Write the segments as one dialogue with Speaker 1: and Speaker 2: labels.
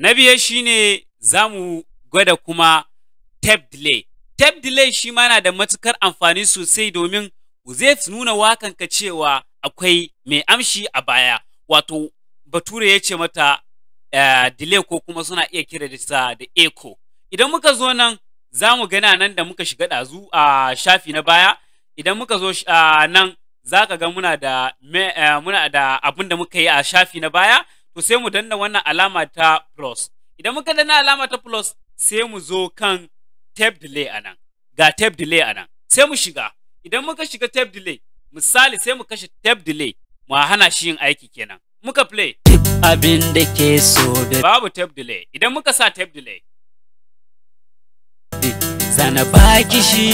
Speaker 1: Na biyar ne za mu gwada kuma tape delay. Tape delay shi ma na da matukar amfani sosai domin zai nuna wakanka cewa akwai mai amshi a baya. Wato bature ya ce mata uh, delay ko kuma suna iya kira da da echo. Idan muka zo nan za mu gana nan da muka shiga ɗazu a uh, shafi na baya. Idan muka zo nan za ka ga muna da, uh, muna da abin da muka yi a shafi na baya. ku sai mu danna wannan alama ta plus idan muka danna alama ta plus sai mu zo kan tape delay anan ga tape delay anan sai mu shiga idan muka shiga tape delay misali sai mu kashe tape delay mu hana shi yin aiki kenan muka play abin da ke so da babu tape delay idan muka sa tape delay zana baki shi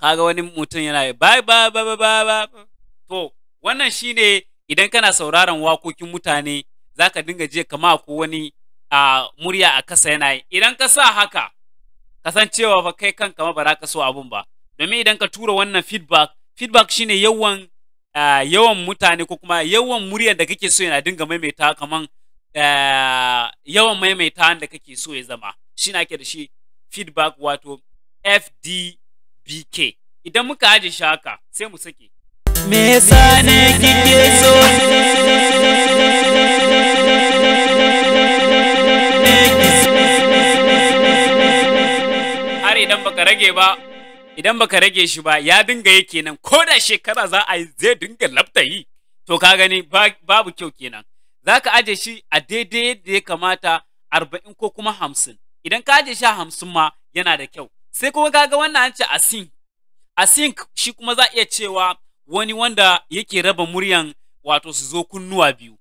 Speaker 1: kaga wani mutum yana yi bye bye bye bye bye To, wannan shi ne idan kana sauraron wakokin mutane za ka dinga je kama ko wani a murya a kasa yana yi. Idan ka sa haka, kasancewa ba kai kanka ma ba ka so abun ba. Domin idan ka tura wannan feedback, feedback shi yawan Uh, yawan mutane ko kuma yawan muryar da kake so yana dinga maimaita kaman uh, yawan maimaita da kake so ya zama shi na ke da shi feedback wato fdbk idan muka aje shi haka sai mu sake me yasa ne kike so har idan baka rage shi ba ya dinga yi kenan ko da shekara za a yi zai dinga labta yi to ka gani babu kyau kenan za ka aje shi a daidai yadda ya kamata arba'in ko kuma hamsin idan ka aje shi a hamsin ma yana da kyau sai kuma kaga wannan an ce a sink shi kuma za a iya cewa wani wanda yake raba muryan wato su zo kunnuwa biyu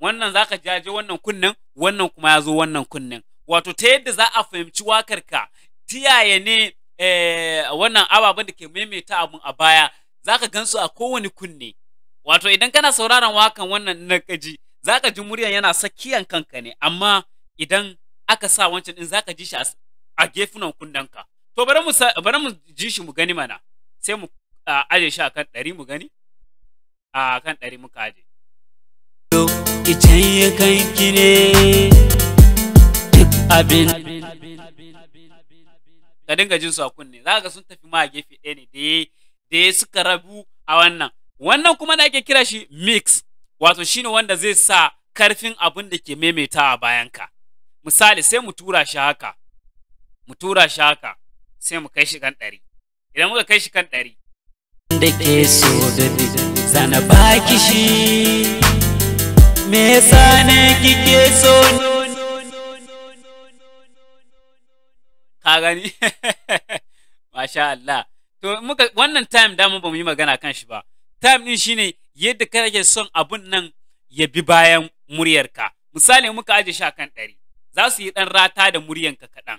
Speaker 1: wannan zaka jaje wannan kunnen wannan kuma ya zo wannan kunnen wato ta yadda za a fahimci wakar ka tiyaye ne eh, wannan ababen da ke maimaita abun a baya zaka gansu a kowane kunne wato idan kana sauraron wakan wannan na kaji zaka ji muryan yana sakiyan kanka ne amma idan aka sa wancan din zaka ji shi a gefunan kunnenka to bari mu bari mu ji shi mu gani mana sai mu aje shi akan ɗari mu gani a kan ɗari muka aje ya ka dinga jin su a kunne za ka sun tafi ma a gefe ɗaya ne da ya suka rabu a wannan wannan kuma da ake kira shi mix wato shine wanda zai sa karfin abin da ke maimaita a ka. misali sai mu tura shi haka mu tura shi haka sai mu kai shi kan ɗari idan muka kai shi kan ɗari da ke so da zana baki shi me yasa ne kike so ka gani masha Allah to muka wannan time da mu ba mu yi magana kan shi ba time din shine yadda ka rage son abun nan ya bi bayan muryarka misali muka aje shi kan ɗari za su yi ɗan rata da muryanka kaɗan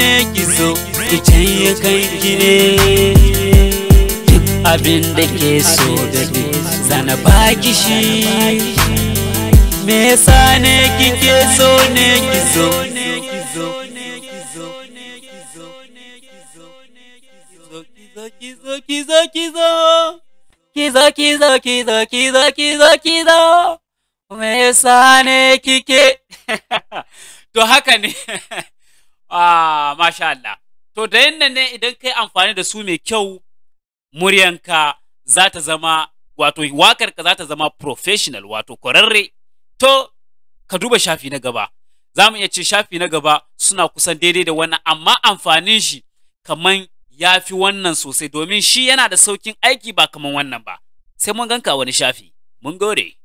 Speaker 1: ne ki zo ki canye kanki ne abin da ke so da zana baki shi me yasa ne kike so ne ki so Kizo kizo kizo kizo kizo kizo kizo kizo kizo me kizo ne kizo to haka kizo kizo kizo kizo to da kizo ne idan kai amfani da su mai kyau muryanka za ta zama wato wakarka za ta zama professional wato kwararre to ka duba shafi na gaba za mu iya ce shafi na gaba suna kusan daidai da wannan amma amfanin shi kaman ya fi wannan sosai domin shi yana da saukin aiki ba kaman wannan ba sai mun ganka wani shafi mun gode